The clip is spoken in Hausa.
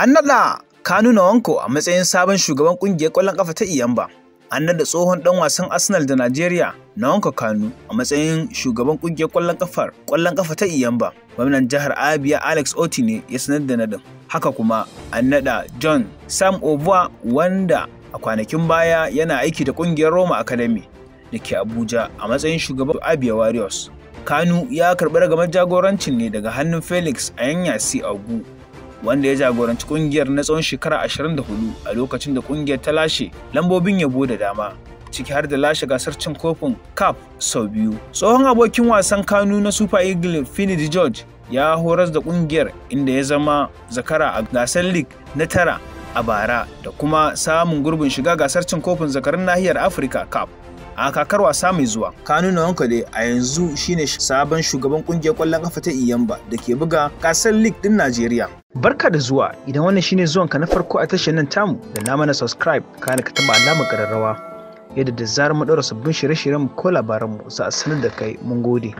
An naɗa na Wanko a matsayin sabon shugaban ƙungiyar ƙwallon ƙafa ta Iyamba. An naɗa tsohon ɗan wasan Arsenal da Najeriya na Wanko Kanu a matsayin shugaban ƙungiyar ƙwallon ƙafar ƙwallon ƙafa ta Iyamba. Gwamnan jihar Abia Alex Oti ne ya sanar da nadin. Haka kuma an naɗa John Sam Obua wanda a kwanakin baya yana aiki da ƙungiyar Roma Academy da ke Abuja a matsayin shugaban Abia Warriors. Kanu ya karɓi ragamar jagorancin ne daga hannun Felix a Anyanyasi Agu wanda ya jagoranci kungiyar na tsawon shekara 24 a lokacin da kungiyar ta lashe lambobin yabo da dama ciki har da lashe gasar cin kofin CAF sau biyu. Tsohon abokin wasan Kanu na Super Eagles Finidi George ya horas da kungiyar inda ya zama zakara a gasar League na tara a bara da kuma samun gurbin shiga gasar cin kofin zakarun nahiyar Afirka CAF. a kakar wasa mai zuwa kanu na wankade a yanzu shine sabon shugaban kungiyar kwallon kafa ta iyamba da ke buga gasar league din najeriya Barka da zuwa idan wannan shine ka na farko a tashar nan tamu da na mana subscribe kana ka taba alamar kararrawa yadda da zarar mu daura sabbin shirye-shiryen ko labaran mu za a sanar da kai mun gode.